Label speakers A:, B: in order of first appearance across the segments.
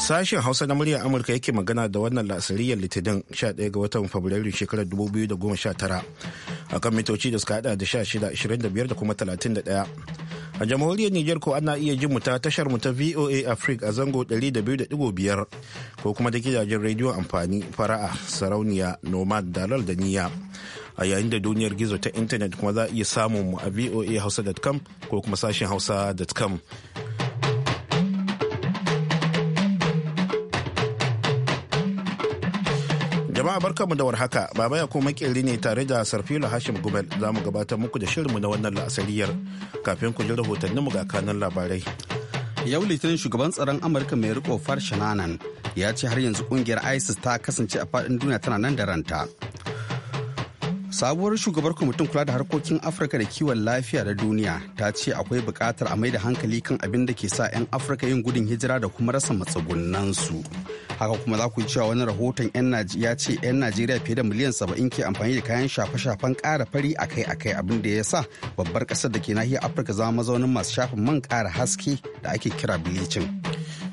A: Sashen Hausa na muryar Amurka yake magana da wannan lasariyar Litinin 11 ga watan Fabrairu shekarar 2019 kan mitoci da suka hada da 16, 25 da kuma 31. a jamhuriyar Nijar ko ana iya jin mu ta tashar mu ta VOA Africa a zango 200.5 ko kuma da gidajen rediyon amfani fara'a sarauniya nomad dalal da niyya a yayin da duniyar gizo ta intanet kuma za a iya samun mu a voa.com ko kuma sashen hausa.com Jama'a mu da warhaka, Baba ya kuma makeri ne tare da Sarfilo Hashim Gubel za mu gabatar muku da shirinmu na wannan la'asariyar kafin ku ji mu ga kanan labarai.
B: Yau Litinin shugaban tsaron Amurka mai riko Farshananan ya ce har yanzu kungiyar ISIS ta kasance a faɗin duniya tana nan da ranta. sabuwar shugabar kwamitin kula da harkokin afirka da kiwon lafiya da duniya ta ce akwai bukatar a mai da hankali kan abin da ke sa 'yan afirka yin gudun hijira da kuma rasa matsugunansu haka kuma za ku yi cewa wani rahoton ya ce 'yan najeriya fiye da miliyan saba'in ke amfani da kayan shafe-shafen ƙara fari akai-akai abin da ya sa babbar ƙasar da ke nahiyar afirka zama mazaunin masu shafin man ƙara haske da ake
A: kira bilicin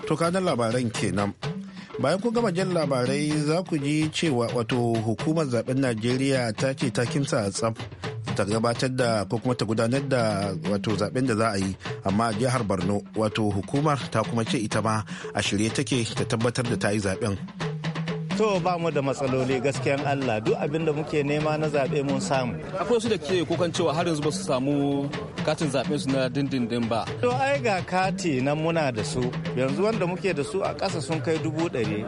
A: to kanan labaran kenan bayan kun gama jan labarai za ku ji cewa wato hukumar zaben najeriya ta ce ta kimsa tsaf ta gabatar da ko kuma ta gudanar da wato zaben da za a yi amma a jihar borno wato hukumar ta kuma ce ita ma a shirye take ta tabbatar da ta yi zaben
C: To ba mu da matsaloli gaskiyan Allah duk abin da muke nema na zaɓe mun samu. Akwai wasu da ke kukan cewa har yanzu ba su samu katin zaɓe su na dindindin ba. To ai ga kati nan
A: muna da su yanzu wanda muke da su a ƙasa sun kai dubu ɗari.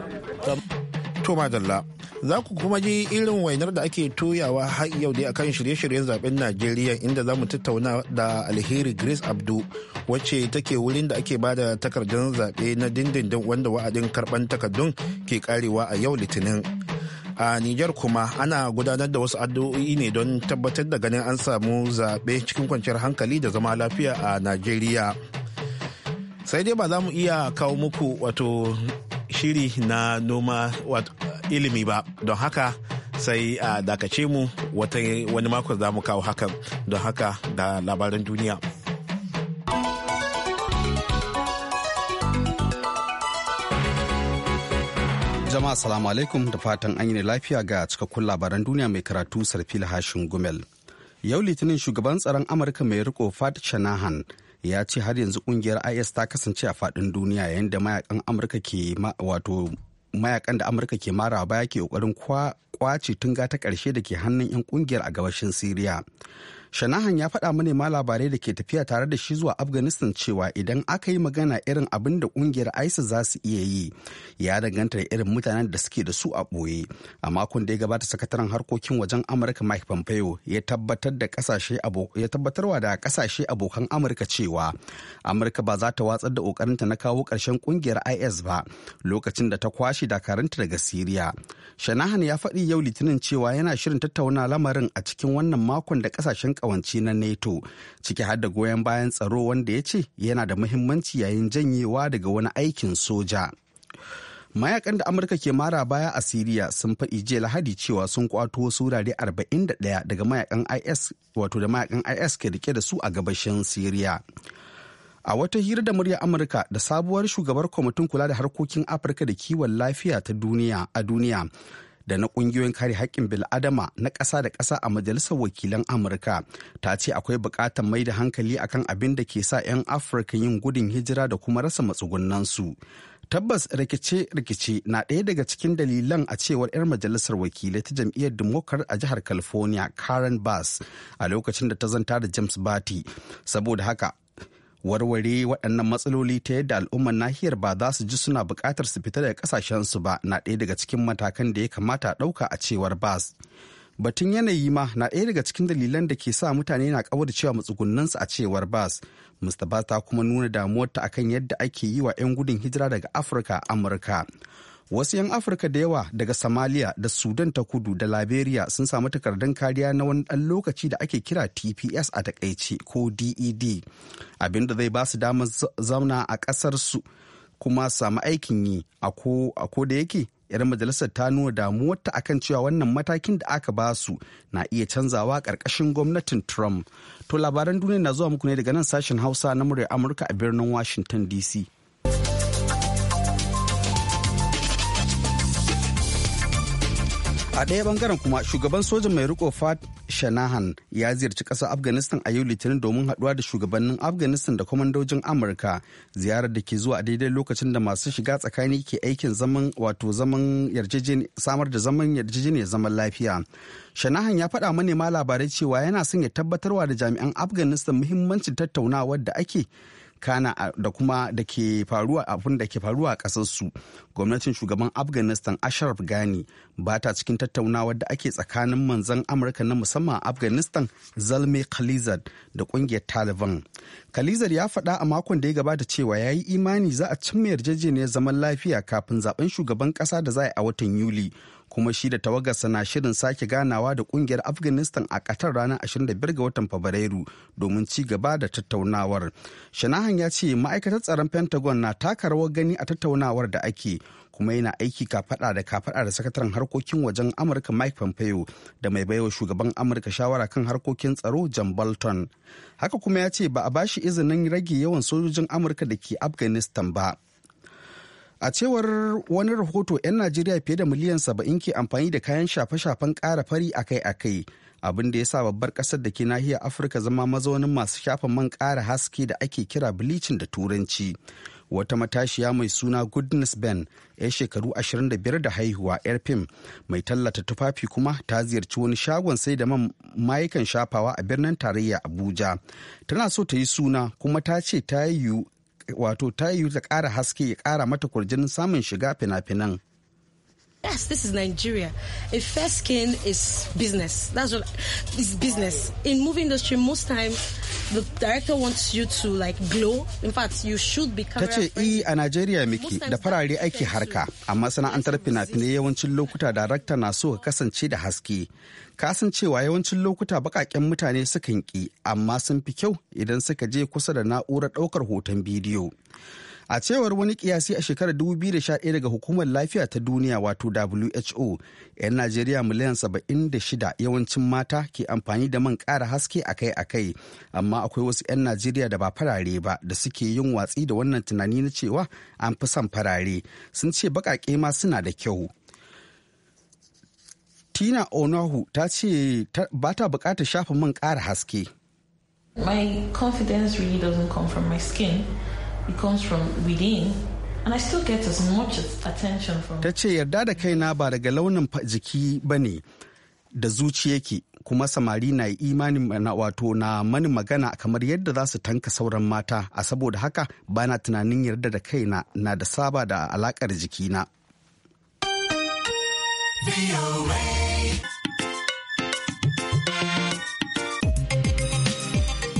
A: To madalla, za ku kuma ji irin wainar da ake toyawa har yau dai akan shirye-shiryen zaben Najeriya inda za mu tattauna da alheri Grace Abdu wacce take wurin da ake bada takardun zaɓe na dindindin wanda wa'adin karɓan takardun ke karewa a yau litinin. a Nijar kuma ana gudanar da wasu addu'o'i ne don tabbatar da ganin an samu zaɓe cikin kwanciyar hankali da zama lafiya a Najeriya. sai dai ba za mu iya kawo muku wato shiri na noma ilimi ba don haka sai a dakace mu wani mako za mu kawo hakan don haka da labaran duniya.
B: jama'a salamu alaikum da fatan an yi lafiya ga cikakkun labaran duniya mai karatu sarfil hashin gumel yau litinin shugaban tsaron amurka mai riko fat shanahan ya ce har yanzu kungiyar is ta kasance a fadin duniya yayin da mayakan amurka ke wato mayakan da amurka ke mara baya ke kokarin kwace tunga ta karshe da ke hannun 'yan kungiyar a gabashin siriya Shanahan ya faɗa manema labarai da ke tafiya tare da shi zuwa Afghanistan cewa idan aka yi magana irin abin da ƙungiyar ISIS za su iya yi ya danganta da irin mutanen da suke da su a ɓoye. A makon da ya gabata sakataren harkokin wajen Amurka Mike Pompeo ya tabbatar da kasashe ya kasashe abokan Amurka cewa Amurka ba za ta watsar da ƙoƙarinta na kawo ƙarshen ƙungiyar IS ba lokacin da ta kwashe dakaranta daga Siriya. Shanahan ya faɗi yau Litinin cewa yana shirin tattauna lamarin a cikin wannan makon da kasashen kawance na NATO ciki har da goyon bayan tsaro wanda ya ce yana da muhimmanci yayin janyewa daga wani aikin soja. mayakan da amurka ke mara baya a siriya sun faɗi jiya lahadi cewa sun kwato wasu wurare 41 daga mayakan is wato da mayakan is ke rike da su a gabashin siriya a wata hira da murya amurka da sabuwar shugabar kwamitin kula da harkokin afirka da kiwon lafiya ta duniya a duniya da na ƙungiyoyin kare haƙƙin bil'adama na ƙasa da ƙasa a majalisar wakilan amurka ta ce akwai buƙatar mai da hankali akan abin da ke sa 'yan afirka yin gudun hijira da kuma rasa matsugunansu tabbas rikice-rikice na ɗaya daga cikin dalilan a cewar 'yar majalisar wakilai ta jam'iyyar dimokar a jihar california karen bass a lokacin da ta zanta da james bati saboda haka warware waɗannan matsaloli ta yadda al'ummar nahiyar ba za su ji suna buƙatar su fita daga ƙasashensu ba na ɗaya daga cikin matakan da ya kamata ɗauka a cewar bas batun yanayi ma na ɗaya daga cikin dalilan da ke sa mutane na ƙawar cewa matsugunninsu a cewar bas mr bas ta kuma nuna damuwarta akan yadda ake yi wa 'yan gudun hijira daga afirka amurka wasu 'yan afirka da yawa daga somalia da sudan ta kudu da liberia sun samu takardun kariya na wani ɗan lokaci da ake kira tps a takaice ko ded abinda zai ba su damar zauna a su kuma samu aikin yi a ko da yake 'yar majalisar ta nuna damuwarta akan cewa wannan matakin da aka ba su na iya canzawa ƙarƙashin gwamnatin trump to labaran duniya na zuwa muku ne daga nan sashen hausa na murya amurka a birnin washington dc a ɗaya bangaren kuma shugaban sojan mai riko fat shanahan ya ziyarci ƙasar afghanistan a yau litinin domin haɗuwa da shugabannin afghanistan da kwamandojin amurka ziyarar da ke zuwa a daidai lokacin da masu shiga tsakani ke aikin zaman wato zaman samar da zaman yarjejeniyar zaman lafiya shanahan ya faɗa manema labarai cewa yana son ya tabbatarwa da jami'an afghanistan muhimmancin tattaunawar da ake kana da kuma da ke faruwa abin da ke faruwa a ƙasarsu gwamnatin shugaban afghanistan ashraf ghani ba ta cikin tattaunawar da ake tsakanin manzan amurka na musamman a afghanistan zalme khalizad da ƙungiyar taliban khalizad ya faɗa a makon da ya gabata cewa ya yi imani za a cimma yarjejeniyar zaman lafiya kafin zaben shugaban ƙasa da za a yi a watan yuli kuma shi da tawagarsa na shirin sake ganawa da kungiyar afghanistan a katar ranar 25 ga watan fabrairu domin ci gaba da tattaunawar shanahan ya ce ma'aikatar tsaron pentagon na taka rawar gani a tattaunawar da ake kuma yana aiki kafada da kafada da sakataren harkokin wajen amurka mike pompeo da mai baiwa shugaban amurka shawara kan harkokin tsaro john bolton haka kuma ya ce ba a bashi izinin rage yawan sojojin amurka da ke afghanistan ba A cewar wani rahoto 'yan Najeriya fiye da miliyan saba'in ke amfani da kayan shafe-shafen ƙara fari akai-akai. Abin da ya sa babbar ƙasar da ke nahiyar Afirka zama mazaunin masu shafa man ƙara haske da ake kira bleaching da turanci. Wata matashiya mai suna Goodness Ben, 'yar shekaru 25 da haihuwa 'yar fim, mai tallata tufafi kuma ta ziyarci wani shagon sai da man mayukan shafawa a birnin tarayya Abuja. Tana so ta yi suna kuma ta ce ta yi wato ta yiwu ta ƙara haske ya ƙara mata kurjin samun shiga fina-finan.
D: Yes, this is Nigeria. A fair skin is business. That's what it's business. In movie industry, most times the director wants you to like glow. In fact, you should be Ta Tace,
B: e, a Nigeria miki da farare aiki harka, a masana'antar fina-finai yawancin lokuta darakta na so ka kasance da haske. Kasancewa yawancin lokuta bakaken mutane sukan ki, amma sun fi kyau idan suka je kusa da na'urar ɗaukar hoton bidiyo. A cewar wani kiyasi a shekarar 2011 daga Hukumar Lafiya ta Duniya wato WHO, 'yan Najeriya miliyan 76 yawancin mata ke amfani da man ƙara haske akai-akai, amma akwai wasu 'yan Najeriya da ba farare ba da suke yin watsi da wannan tunani na cewa an fi son farare, sun ce baƙaƙe ma suna da kyau. Tina onahu ta ce ba ta bukatar shafa man ƙara haske.
D: My confidence really doesn't come from my skin. It comes from within. And I still get as much attention from Ta
B: ce yarda da kaina ba daga launin jiki ba ne da zuciya ke kuma samari na imanin na wato na mani magana kamar yadda za su tanka sauran mata a saboda haka bana tunanin yarda da kaina na da saba da alakar jikina.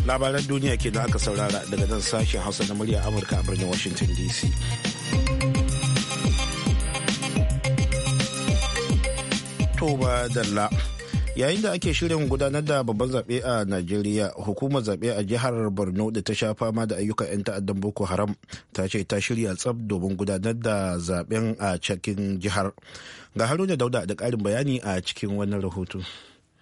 A: labaran duniya ke da aka saurara daga nan sashen hausa na murya amurka a birnin washington dc toba yayin da ake shirin gudanar da babban zaɓe a najeriya hukumar zaɓe a jihar borno da ta sha fama da ayyukan 'yan ta'addan boko haram ta ce ta shirya tsab domin gudanar da zaɓen a cikin jihar ga haruna dauda da ƙarin bayani a cikin wannan rahoto.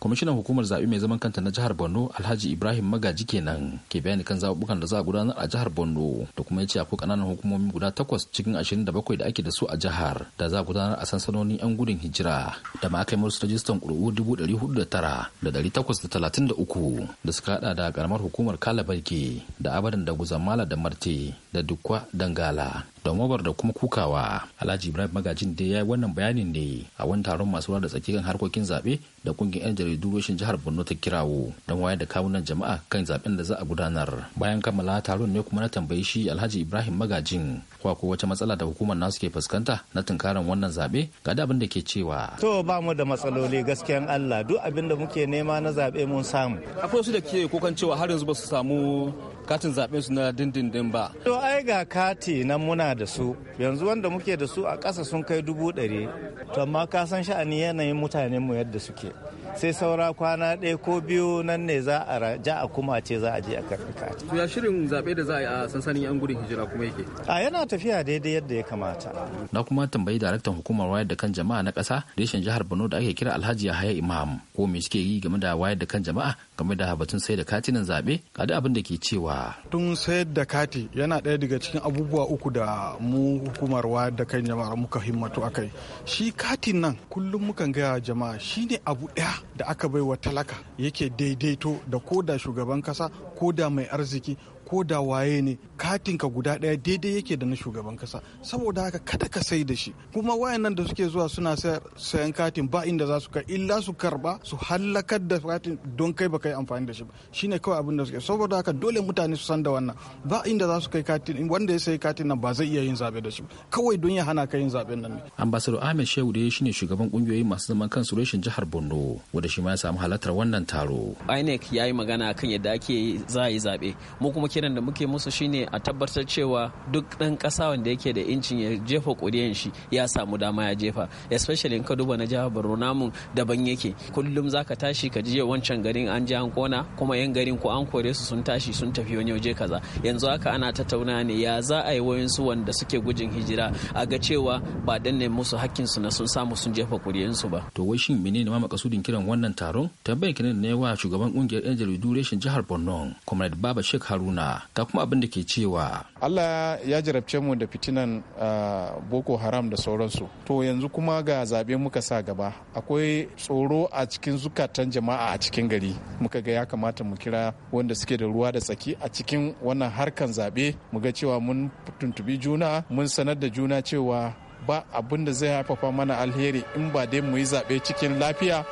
E: Kwamishinan hukumar zaɓe mai zaman kanta na jihar Borno Alhaji Ibrahim Magaji kenan ke bayani kan zaɓuɓɓukan da za a gudanar a jihar Borno da kuma ya ce akwai ƙananan hukumomi guda takwas cikin ashirin da bakwai da ake da su a jihar da za a gudanar a sansanonin 'yan gudun hijira da ma aka yi masu rajistan ƙuri'u dubu ɗari hudu da tara da ɗari takwas da talatin da uku da suka haɗa da ƙaramar hukumar Kalabarke da Abadan da Guzamala da Marte da dukwa dangala da mabar da kuma kukawa alhaji ibrahim magajin da ya yi wannan bayanin ne a wani taron masu da tsakiyar harkokin zaɓe da kungiyar 'yan jaridu rashin jihar borno ta kirawo don wayar da kawunan jama'a kan zaɓen da za a gudanar bayan kammala taron ne kuma na tambayi shi alhaji ibrahim magajin kuwa ko wace matsala da hukumar nasu ke fuskanta na tunkarar wannan zaɓe ga da abin da ke cewa
C: to ba mu da matsaloli gaskiyan allah duk abin da muke nema na zaɓe mun samu akwai su da ke kokan cewa har yanzu ba su samu katin zaɓen su na dindindin ba. To ai ga kati nan muna da su yanzu wanda muke da su a ƙasa sun kai dubu ɗari to amma ka san sha'ani yanayin mutanenmu yadda suke. sai saura kwana ɗaya ko biyu nan ne za a ja a kuma ce za a je a
E: karɓi kati. ya shirin zaɓe da za a yi a sansanin yan gudun hijira kuma yake.
C: a yana tafiya daidai yadda ya kamata.
E: na kuma tambayi daraktan hukumar wayar da kan jama'a na ƙasa reshen jihar borno da ake kira alhaji yahaya imam ko me suke yi game da wayar da kan jama'a game da batun sai da katinan zaɓe ga da abin da ke cewa.
F: tun sayar da kati yana ɗaya daga cikin abubuwa uku da mu hukumar wayar da kan jama'a muka himmatu akai shi katin nan kullum mukan gaya jama'a shine abu ɗaya da aka bai wa talaka yake daidaito da ko da shugaban kasa ko da mai arziki ko da waye ne katinka guda ɗaya daidai yake da na shugaban kasa saboda haka kada ka sai da shi kuma nan da suke zuwa suna sayan katin ba inda za su kai illa su karba su hallakar da katin don kai baka yi amfani da shi ba shine kawai abin da suke saboda haka dole mutane su san da wannan ba inda za su kai katin wanda ya sayi katin nan ba zai iya yin zabe da shi
E: kawai don ya hana ka yin zaben nan ne ambassador Ahmed Shehu da shine shugaban kungiyoyi masu zaman kansu reshen jihar Borno wanda shi ma ya samu halartar wannan taro INEC yi magana kan yadda ake za a yi zabe mu kuma ke kiran da muke musu shine a tabbatar cewa duk dan ƙasa wanda yake da incin ya jefa kudiyan shi ya samu dama ya jefa especially in ka duba na jihar Borno namun daban yake kullum zaka tashi ka je wancan garin an ji an kona kuma yan garin ko an kore su sun tashi sun tafi wani waje kaza yanzu haka ana tattauna ne ya za a yi su wanda suke gujin hijira a ga cewa ba dan ne musu hakkin su na sun samu sun jefa su ba to wai shin menene ma makasudin kiran wannan taron tambayar kiran ne wa shugaban kungiyar yan jaridu jihar Borno Comrade Baba Sheikh Haruna ga kuma abin da ke cewa.
F: Allah ya jarabce mu da fitinan ah, Boko Haram da sauransu. To yanzu kuma ga zaɓe muka sa gaba. Akwai tsoro a cikin zukatan jama'a a cikin gari. Muka ga ya kamata mu kira wanda suke da ruwa da tsaki a cikin wannan harkan zaɓe. Mu ga cewa mun tuntubi juna, mun sanar da juna cewa ba abin da zai haifafa mana alheri in ba dai mu yi zaɓe cikin lafiya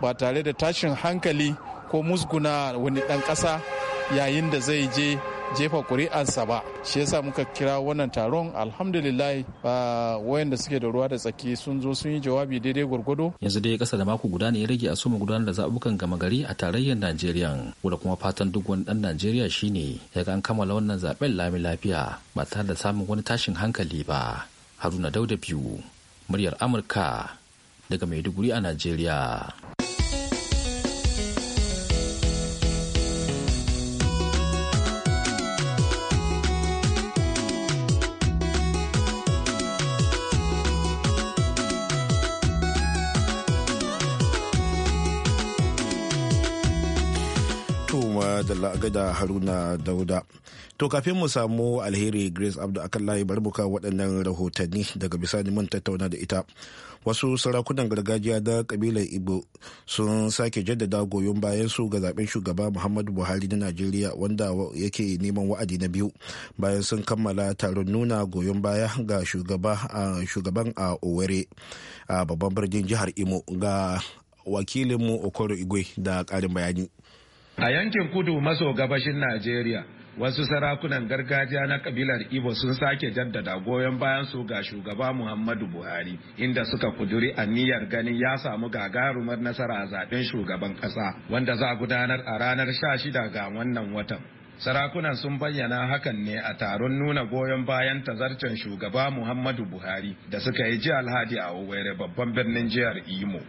F: ba tare da tashin hankali ko musguna wani ɗan ƙasa yayin da zai je jefa ƙuri'arsa ba shi yasa muka kira wannan taron alhamdulillah ba wayanda suke da ruwa da tsaki sun zo sun yi jawabi daidai gwargwado
E: yanzu dai kasa da mako guda ne ya rage a soma gudanar da zabukan gama gari a tarayyar najeriya wanda kuma fatan duk wani dan najeriya shine ya ga an kammala wannan zaben lami lafiya ba tare da samun wani tashin hankali ba haruna dauda biyu muryar amurka daga maiduguri a najeriya
A: da haruna dauda to kafin mu samu alheri grace abdu akan layi bari mu waɗannan rahotanni daga bisani mun tattauna da ita wasu sarakunan gargajiya da kabilar ibo sun sake jaddada goyon bayan su ga zaben shugaba muhammadu buhari na najeriya wanda yake neman wa'adi na biyu bayan sun kammala taron nuna goyon baya ga shugaban a owerri a babban birnin jihar imo ga wakilinmu okoro igwe da karin bayani
G: A yankin kudu maso gabashin Najeriya, wasu sarakunan gargajiya na kabilar ibo sun sake jaddada goyon bayan su ga shugaba Muhammadu Buhari, inda suka kuduri aniyar ganin ya samu gagarumar nasara a zaben shugaban ƙasa wanda za a gudanar a ranar sha shida ga wannan watan. Sarakunan sun bayyana hakan ne a taron nuna goyon bayan tazarcen shugaba Muhammadu Buhari da suka yi ji Alhaji a Owerri babban birnin jihar Imo.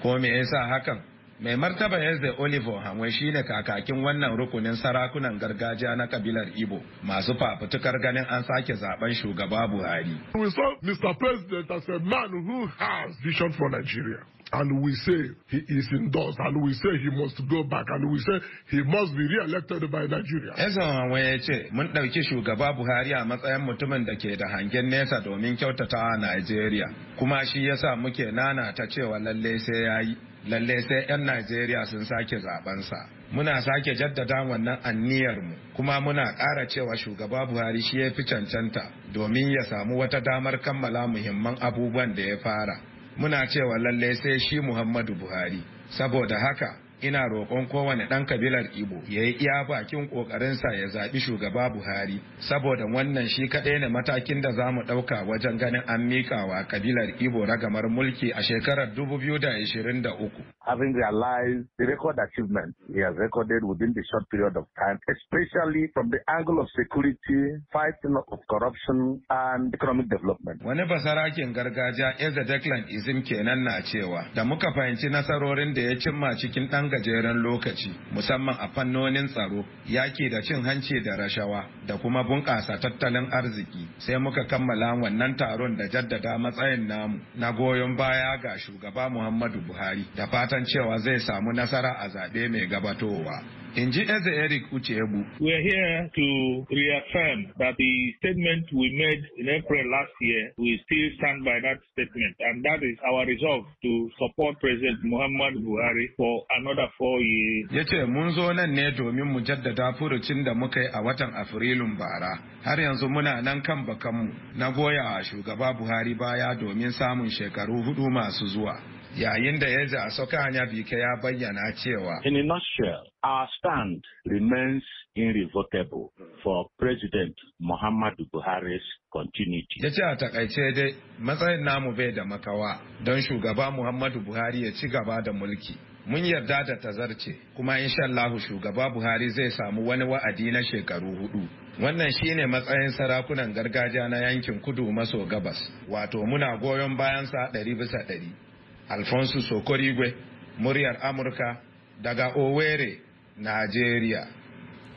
G: Ko me yasa hakan? mai martaba Yaze Olivo Hanwe shine kakakin wannan rukunin sarakunan gargajiya na kabilar Igbo masu fafutukar ganin an sake zaben shugaba Buhari. We saw Mr. President as a man
D: who has vision for Nigeria.
G: And we say he is endorsed, and we say he must go back, and we say he must be re-elected by Nigeria. Ezon ya ce mun ɗauki shugaba Buhari a matsayin mutumin da ke da hangen nesa domin kyautata Nigeria, kuma shi yasa muke nana ta cewa lalle sai ya yi, lalle sai 'yan Najeriya sun sake sa Muna sake jaddada wannan mu kuma muna ƙara cewa shugaba Buhari shi ya fi cancanta domin ya samu wata damar kammala muhimman abubuwan da ya fara. muna cewa lallai sai shi muhammadu buhari saboda haka ina roƙon kowane ɗan kabilar Ibo ya yi iya bakin ƙoƙarinsa ya zaɓi shugaba Buhari, saboda wannan shi kaɗai ne matakin da za mu ɗauka wajen ganin an miƙawa kabilar Ibo ragamar mulki a shekarar 2023.
F: Having realized the record achievement he has recorded within the short period of time, especially from the angle of security, fighting of corruption and economic development.
G: Wani basarakin gargajiya Eze Declan Izim kenan na cewa, da muka fahimci nasarorin da ya cimma cikin ɗan gajeren lokaci musamman a fannonin tsaro yaki da cin hanci da rashawa da kuma bunƙasa tattalin arziki sai muka kammala wannan taron da jaddada matsayin namu na goyon baya ga shugaba muhammadu buhari da fatan cewa zai samu nasara a zaɓe mai gabatowa in ji Eze Eric Uchebu. We
H: are here to reaffirm that the statement we made in April last year, we still stand by that statement, and that is our resolve to support President Muhammad Buhari for another four years.
G: Ya ce mun zo nan ne domin mu jaddada furucin da muka yi a watan Afrilun bara. Har yanzu muna nan kan bakanmu na goya shugaba Buhari baya domin samun shekaru hudu masu zuwa. yayin da ya ji a Sokanya Bike ya bayyana cewa. In a nutshell, our stand remains
C: irrevocable for President Muhammadu Buhari's continuity.
G: Ya ce a takaice dai matsayin namu bai da makawa don shugaba Muhammadu Buhari ya ci gaba da mulki. Mun yarda da tazarce kuma insha Allah shugaba Buhari zai samu wani wa'adi na shekaru hudu. Wannan shine matsayin sarakunan gargajiya na yankin kudu maso gabas, wato muna goyon bayansa ɗari bisa ɗari. Alfonso Sokorigwe, muryar Amurka daga Owerri, Najeriya.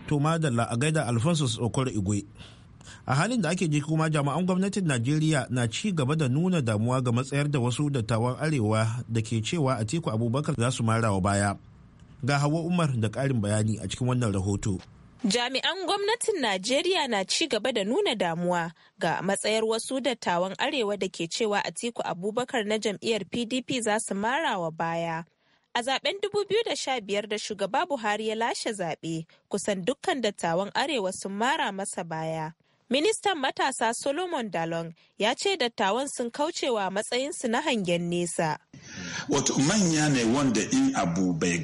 A: To madalla a gaida Alfonso Sokorigwe. a halin da ake ji kuma jami'an gwamnatin najeriya na ci gaba da nuna damuwa ga matsayar da wasu dattawan arewa da ke cewa a teku abubakar za su mara wa baya ga hawa umar da ƙarin bayani a cikin wannan rahoto
D: Jami'an gwamnatin Najeriya na ci gaba da nuna damuwa ga matsayar wasu dattawan Arewa da ke cewa Atiku Abubakar na jam'iyyar PDP za su marawa baya. A zaben 2015 da shugaba Buhari ya lashe zaɓe, kusan dukkan dattawan Arewa sun mara masa baya. Ministan matasa Solomon Dalong ya ce dattawan sun kaucewa matsayinsu na hangen nesa.
H: Wato manya ne wanda in abu bai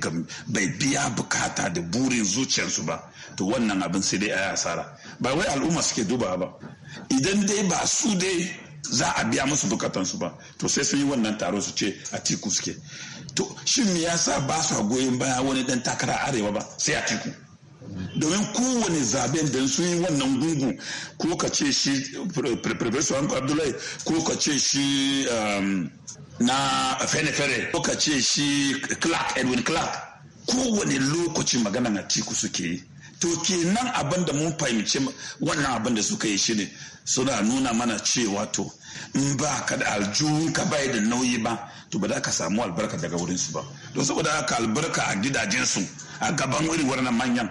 H: biya bukata da burin zuciyarsu ba, to wannan abin sai dai a asara. Ba wai al'umma suke duba ba. Idan dai ba su dai za a biya musu bukatansu ba, to sai sun yi wannan taro su ce a tiku suke. To shin me yasa ba su goyon baya wani dan takara arewa ba sai a tiku. domin kowane zaben da su yi wannan gungu ko ka ce shi professor abdullahi ko ka ce shi um, na fene ko ka ce shi clark edwin clark kowane lokaci magana na tiku suke yi to kenan abin da mun fahimci wannan abin da suka yi shine suna nuna mana cewa to in ba ka da aljihun ka bai da nauyi ba to ba za ka samu albarka daga wurinsu ba don saboda haka albarka a gidajensu a gaban wuri wannan manyan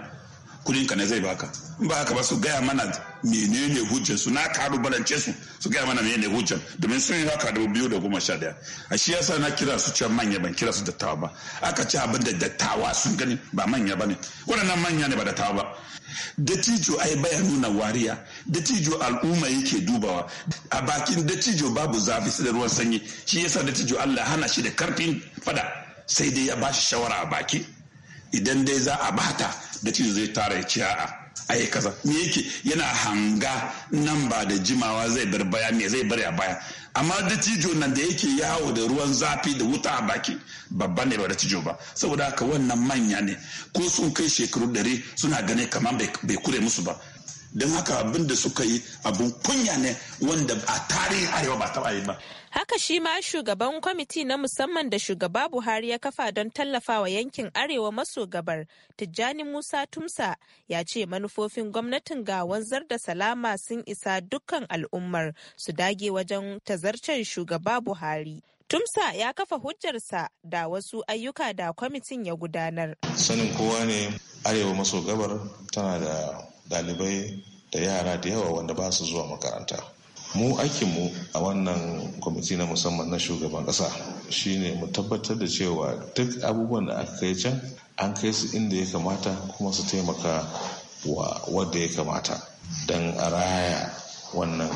H: kudin ka ne zai baka in ba haka ba su gaya mana menene hujjar su na karu balance su su gaya mana menene hujjar domin sun yi haka da biyu da goma sha daya a shi yasa na kira su cewa manya ban kira su dattawa ba aka ci abin da dattawa sun gani ba manya ba ne waɗannan manya ne ba dattawa ba dattijo ai baya nuna wariya dattijo al'umma yake dubawa a bakin dattijo babu zafi sai da ruwan sanyi shi yasa dattijo Allah hana shi da karfin fada sai dai ya bashi shawara a baki idan dai za a bata da cizo zai tara ya a a'a ai kaza me yake yana hanga nan ba da jimawa zai bar baya me zai bar a baya amma dattijo nan da yake yawo da ruwan zafi da wuta a baki babba ne ba dattijo ba saboda haka wannan manya ne ko sun kai shekaru dare suna ganin kamar bai kure musu ba don haka abin da suka yi abin kunya ne wanda a tarihin arewa ba taɓa yi ba
D: haka shi ma shugaban kwamiti na musamman da shugaba buhari ya kafa don tallafawa yankin arewa maso gabar tijjani musa tumsa ya ce manufofin gwamnatin ga wanzar da salama sun isa dukkan al'ummar su dage wajen tazarcen shugaba buhari tumsa ya kafa hujjarsa da wasu ayyuka da kwamitin ya gudanar
F: sanin kowa ne arewa maso gabar tana da Dalibai, da yara da yawa wanda ba su zuwa makaranta mu aikinmu a wannan kwamiti na musamman na shugaban ƙasa shine mu tabbatar da cewa duk abubuwan da aka kai can an kai su inda ya kamata kuma su taimaka wa wadda ya kamata don a raya wannan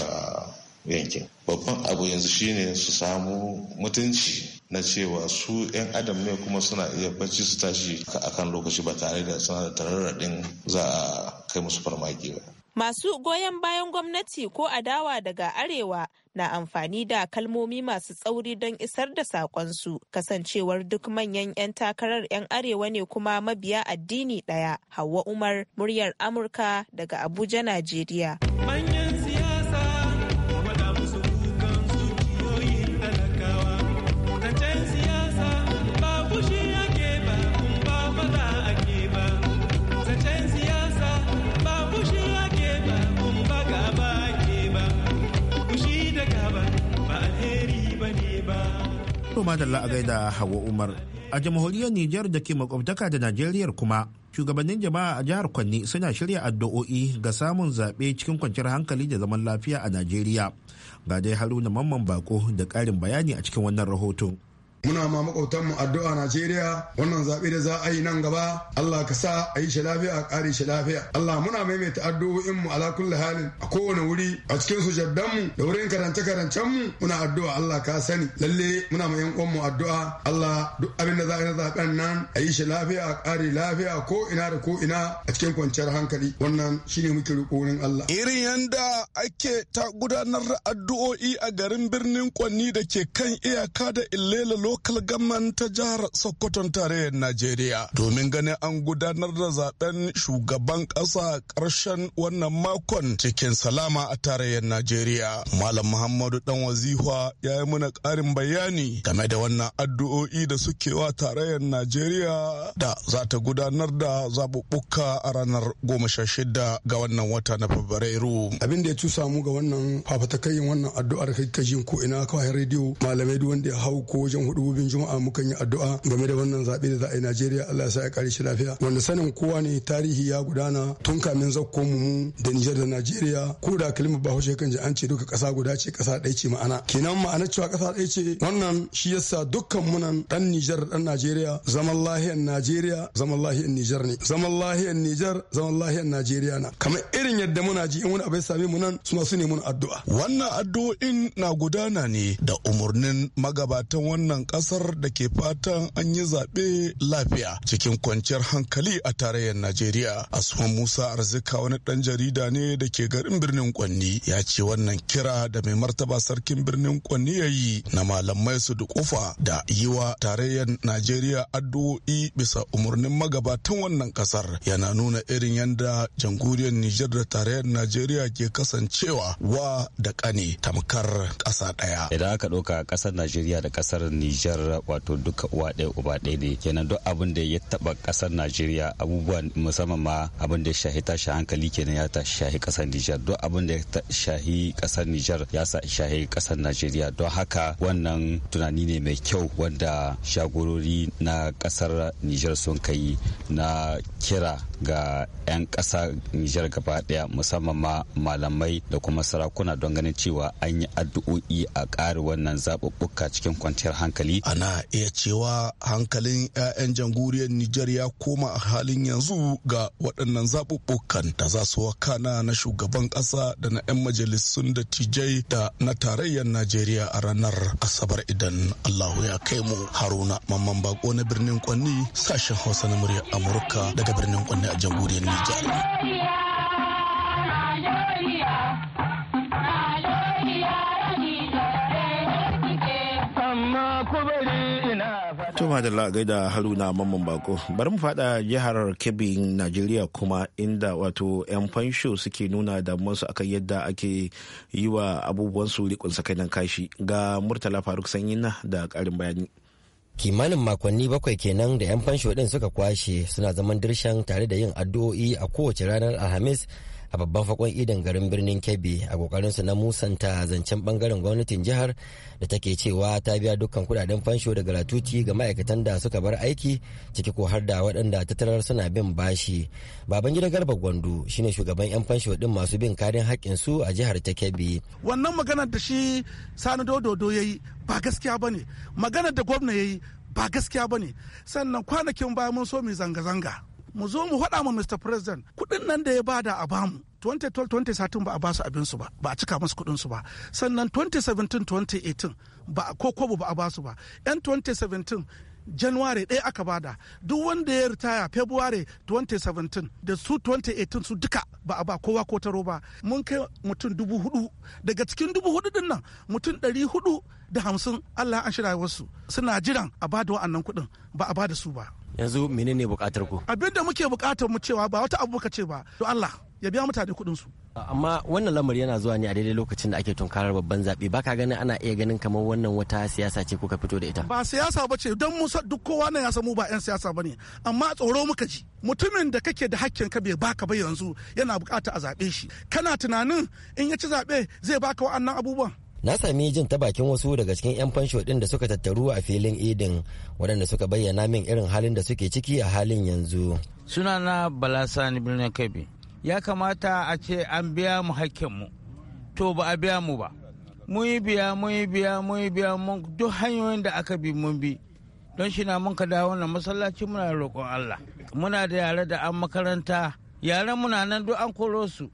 F: ah, yankin babban abu yanzu shine su samu mutunci na cewa su 'yan adam ne kuma suna iya bacci su tashi a kan lokaci ba tare da suna da tararraɗin za a
E: kai musu farmaki ba.
D: Masu goyon bayan gwamnati ko adawa daga Arewa na amfani da kalmomi masu tsauri don isar da saƙonsu kasancewar duk manyan 'yan takarar 'yan Arewa ne kuma mabiya addini ɗaya. Hauwa Umar, muryar Amurka daga Abuja, Najeriya.
E: Manyan
A: To madalla a gaida Hawa Umar. A jamhuriyar Nijar da ke makwabtaka da Najeriya kuma shugabannin jama'a a jihar Kwanni suna shirya addu'o'i ga samun zaɓe cikin kwanciyar hankali da zaman lafiya a Najeriya. Ga dai Haruna Mamman Bako da ƙarin bayani a cikin wannan rahoton. muna ma mu addu'a
I: Najeriya wannan zaɓe da za a yi nan gaba Allah ka sa a yi shi lafiya a shi lafiya Allah muna maimaita addu'o'in mu ala kulli halin a kowane wuri a cikin sujaddan mu da wurin karance karancen mu muna addu'a Allah ka sani lalle muna ma yan uwan mu addu'a Allah duk abin da za a yi zaɓen nan a yi shi lafiya a lafiya ko ina da ko ina a cikin kwanciyar hankali wannan shine muke roƙo Allah
F: irin yanda ake ta gudanar da addu'o'i a garin birnin Kwanni da ke kan iyaka da Ilela local government ta jihar Sokoton tarayyar Najeriya domin ganin an gudanar da zaben shugaban ƙasa karshen wannan makon cikin salama a tarayyar Najeriya. Malam Muhammadu Dan Waziwa ya yi muna ƙarin bayani game da wannan addu'o'i da suke wa tarayyar Najeriya da za ta gudanar da zaɓuɓɓuka a ranar goma sha shida ga wannan wata na Fabrairu. Abin da ya tusa mu ga wannan fafatakayin wannan
I: addu'ar kai ko ina kawai rediyo malamai duk wanda ya hau ko wajen hudubobin juma'a mukan yi addu'a game da wannan zaɓe da za a yi Najeriya Allah ya sa ya kare lafiya wanda sanin kowa ne tarihi ya gudana tun kamin zakko mu mu da Nijar da Najeriya ko da kalmar Bahaushe kan ji an ce duka ƙasa guda ce ƙasa ɗaya ce ma'ana kenan ma'ana cewa ƙasa ɗaya ce wannan shi yasa dukkan munan ɗan Nijar ɗan Najeriya zaman lahiyar Najeriya zaman lahiyar Nijar ne zaman lahiyar Nijar zaman lahiyar Najeriya na kamar irin yadda muna ji in wani abu ya same mu nan su masu ne mun addu'a
F: wannan addu'o'in na gudana ne da umarnin magabatan wannan Kasar da ke fatan an yi zaɓe lafiya cikin kwanciyar hankali a tarayyar Najeriya. asuwan Musa Arzika wani ɗan jarida ne da ke garin birnin Kwanni ya ce wannan kira da mai martaba sarkin birnin Kwanni ya yi na malamai su dukufa da yiwa tarayyar Najeriya addu'o'i bisa umarnin magabatan wannan kasar, yana nuna irin yadda jamhuriyar Nijar da tarayyar Najeriya ke kasancewa wa da ƙane tamkar ƙasa ɗaya.
E: Idan aka ɗauka ƙasar Najeriya da ƙasar Nijar jar wato duka uwa ɗaya
B: uba ɗaya ne kenan duk abin da ya taɓa ƙasar Najeriya abubuwan musamman ma abin da ya shahi tashi hankali kenan ya ta shahi ƙasar Nijar duk abin da ya shahi ƙasar Nijar ya shahi ƙasar Najeriya don haka wannan tunani ne mai kyau wanda shagorori na ƙasar Nijar sun kai na kira ga 'yan ƙasa Nijar gaba ɗaya musamman ma malamai da kuma sarakuna don ganin cewa an yi addu'o'i a ƙari wannan zaɓuɓɓuka cikin kwanciyar hankali hankali ana
F: iya cewa hankalin 'ya'yan jamhuriyar nijar ya koma a halin yanzu ga waɗannan zaɓuɓɓukan da za su wakana na shugaban ƙasa da na 'yan majalisun da tijai da na tarayyar najeriya a ranar asabar idan allahu ya kai mu haruna mamman bako na birnin kwanni sashen hausa na muryar amurka daga birnin kwanni a jamhuriyar nijar
A: Tuma da gaida Haruna Mamman Bako. Bari mu fada jihar Kebbi Najeriya kuma inda wato 'yan fansho suke nuna da damuwarsu akan yadda ake yi wa abubuwansu rikon
J: sakainan kashi ga Murtala Faruk Sanyina da karin bayani. kimanin makonni bakwai kenan da 'yan fansho din suka kwashe suna zaman dirshan tare da yin addu'o'i a kowace ranar alhamis a babban fakon idan garin birnin kebbi a kokarin su na musanta zancen bangaren gwamnatin jihar da take cewa ta biya dukkan kudaden fansho da garatuti ga ma'aikatan da suka bar aiki ciki ko har da waɗanda tattalar suna bin bashi baban gidan garba gwandu shine shugaban yan fansho din masu bin karin haƙƙin su a jihar ta kebbi
K: wannan maganar da shi sani dododo ya yi ba gaskiya ba ne maganar da gwamna ya yi ba gaskiya bane sannan kwanakin baya mun so mu zanga-zanga mu zo mu faɗa ma Mr. President kuɗin nan da ya bada a bamu 2012-2013 ba a basu abinsu ba ba a cika musu kuɗinsu ba sannan 2017-2018 ba ko kobo ba a basu ba 'yan 2017 january ɗaya aka bada duk wanda ya ritaya february 2017 da su 2018 su duka ba a ba kowa ko taro ba mun kai mutum dubu hudu daga cikin dubu hudu din nan mutum dari hudu da hamsin allah an shirya wasu suna jiran a bada wa'annan kuɗin ba a bada su ba
J: yanzu menene bukatar ku
K: abin da muke bukatar mu cewa ba wata abu ka ce ba to Allah ya biya mutane kuɗin su
J: amma wannan lamari yana zuwa ne a daidai lokacin da ake tunkarar babban zaɓe ba ka ganin ana iya ganin kamar wannan wata siyasa ce kuka fito da ita
K: ba siyasa ba ce don musa duk kowa nan ya samu ba 'yan siyasa ba ne amma tsoro muka ji mutumin da kake da hakkin ka bai baka ba yanzu yana bukata a zaɓe shi kana tunanin in ya ci zaɓe zai baka wa'annan abubuwan
J: na sami jin ta bakin wasu daga cikin 'yan fansho ɗin da suka tattaru a filin idin waɗanda suka bayyana min irin halin da suke ciki a halin yanzu
B: sunana ni birnin kabi ya kamata a ce an biya mu hakkinmu to ba a biya mu ba mun yi biya mun biya mun biya mun duk hanyoyin da aka bi mun bi don shi na mun ka dawo na masallaci muna roƙon Allah muna da yare da an makaranta yaren muna nan duk an koro su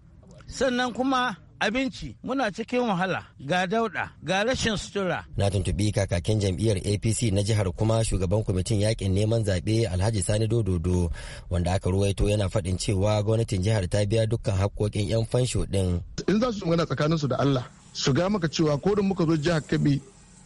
B: sannan kuma abinci muna cikin wahala ga dauda
J: ga rashin sutura. Na tuntubi kakakin jam'iyyar APC na jihar kuma shugaban kwamitin yakin neman zaɓe Alhaji Sani Dododo wanda aka ruwaito yana faɗin cewa gwamnatin jihar ta biya dukkan haƙƙoƙin 'yan fansho ɗin. In za su magana tsakaninsu da Allah su ga maka cewa
F: ko muka zo jihar Kebbi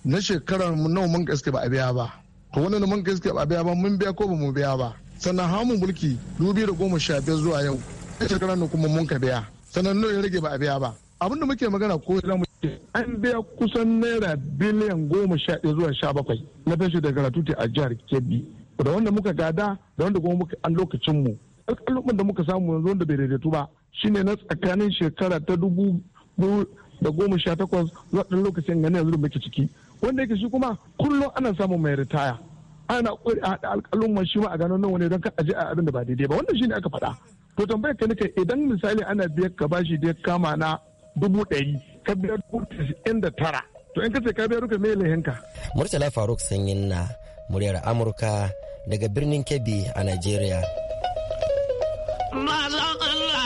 F: na shekarar nawa mun gaske ba a biya ba. Ko wani mun gaske ba a biya ba mun biya ko ba mu biya ba. Sannan hamun mulki dubi da goma sha biyar zuwa yau. Shekarar kuma mun ka biya. Sannan nawa ya rage ba a biya ba. abinda muke magana ko za mu ce an biya kusan naira biliyan goma sha ɗaya zuwa sha bakwai na da daga ratuti a jihar kebbi da wanda muka gada da wanda kuma muka an lokacinmu alƙalumin da muka samu yanzu wanda bai daidaitu ba shine na tsakanin shekara ta dubu da goma sha takwas zuwa ɗan lokacin gani yanzu da muke ciki wanda yake shi kuma kullum ana samun mai ritaya ana ƙuri a haɗa alƙalumin shi ma a gano nan wani don ka aje a abin da ba daidai ba wannan shine aka faɗa to tambayar ka nika idan misali ana biyar ka bashi da kama na dubu ɗari ka biya dubu tisa'in da tara
J: to in ka ce ka biya duka lahinka. murtala faruk sanyin na muryar amurka daga birnin kebbi a nigeria.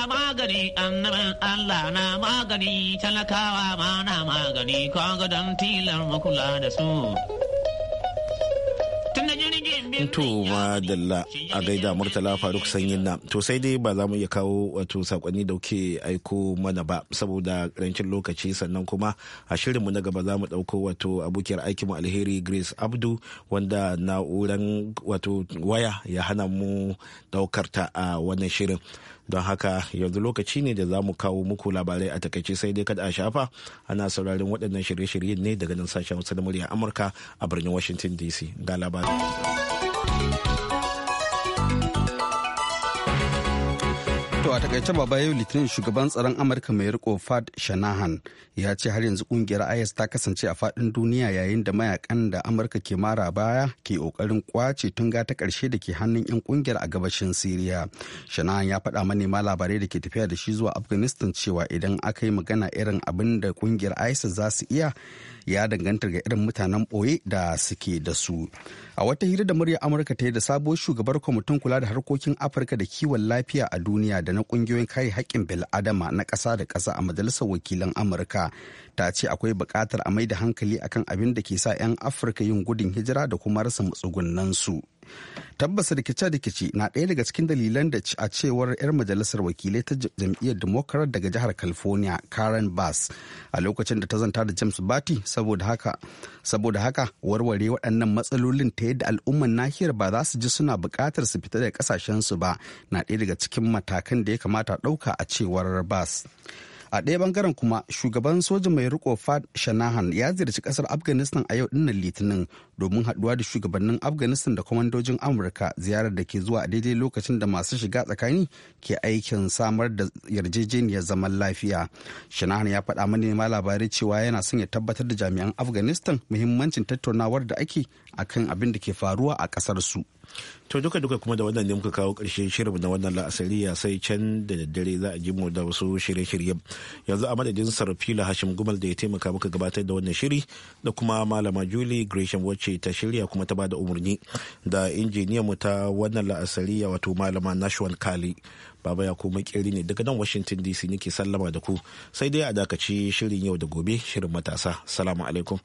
C: magani annabin Allah na magani talakawa ma na magani kaga don tilar makula da su.
A: to ma dalla a gaida murtala faruk sanyin na to sai dai ba za mu iya kawo wato sakonni da kuke aiko mana ba saboda karancin lokaci sannan kuma a shirinmu na gaba za mu dauko wato abokiyar aikin mu alheri grace abdu wanda na'uran wato waya ya hana mu daukar ta a wannan shirin don haka yanzu lokaci ne da za mu kawo muku labarai a takaice sai dai kada a shafa ana sauraron waɗannan shirye-shiryen ne daga nan sashen wasu da murya amurka a birnin washington dc ga labarai To a takaice
B: baba yau litinin shugaban tsaron Amurka mai riko Fad Shanahan ya ce har yanzu kungiyar IS ta kasance a fadin duniya yayin da mayakan da Amurka ke mara baya ke kokarin kwace tunga ta karshe da ke hannun 'yan kungiyar a gabashin Siriya. Shanahan ya faɗa manema labarai da ke tafiya da shi zuwa Afghanistan cewa idan aka yi magana irin abin da kungiyar ISIS za su iya ya danganta ga irin mutanen ɓoye da suke da su a wata hira da murya amurka ta yi da sabuwar shugabar kwamitin kula da harkokin afirka da kiwon lafiya a duniya da na kungiyoyin kare haƙƙin bil'adama na ƙasa da ƙasa a majalisar wakilan amurka ta ce akwai buƙatar a mai da hankali akan abin da ke sa 'yan afirka yin gudun hijira da kuma rasa matsugunansu. tabbas rikice-rikice na ɗaya daga cikin dalilan da a cewar 'yar majalisar wakilai ta jam'iyyar democrat daga jihar california karen bass a lokacin da ta zanta da james bati saboda haka warware waɗannan matsalolin ta yadda al'umman nahiyar ba za su ji suna buƙatar su fita daga ƙasashensu ba na ɗaya daga cikin matakan da ya kamata ɗauka a cewar bass a ɗaya bangaren kuma shugaban soja mai riko fad shanahan ya ziyarci kasar afghanistan a yau dinnan litinin domin haɗuwa da shugabannin afghanistan da kwamandojin amurka ziyarar da ke zuwa a daidai lokacin da masu shiga tsakani ke aikin samar da yarjejeniyar zaman lafiya shanahan ya faɗa ma labarai cewa yana son ya tabbatar da jami'an afghanistan muhimmancin tattaunawar da ake akan abin da ke faruwa a ƙasar su.
A: To duka duka kuma da wannan ne muka kawo ƙarshen shirin na wannan la'asariya sai can da daddare za a ji mu da wasu shirye-shirye. Yanzu a madadin Sarfila Hashim Gumal da ya taimaka muka gabatar da wannan shiri da kuma Malama juli Gresham wacce ta shirya kuma ta bada umarni da injiniyan mu ta wannan la'asariya wato Malama Nashwan Kali. Baba ya kuma kiri ne daga nan Washington DC nake sallama da ku sai dai a dakaci shirin yau da gobe shirin matasa. Salamu alaikum.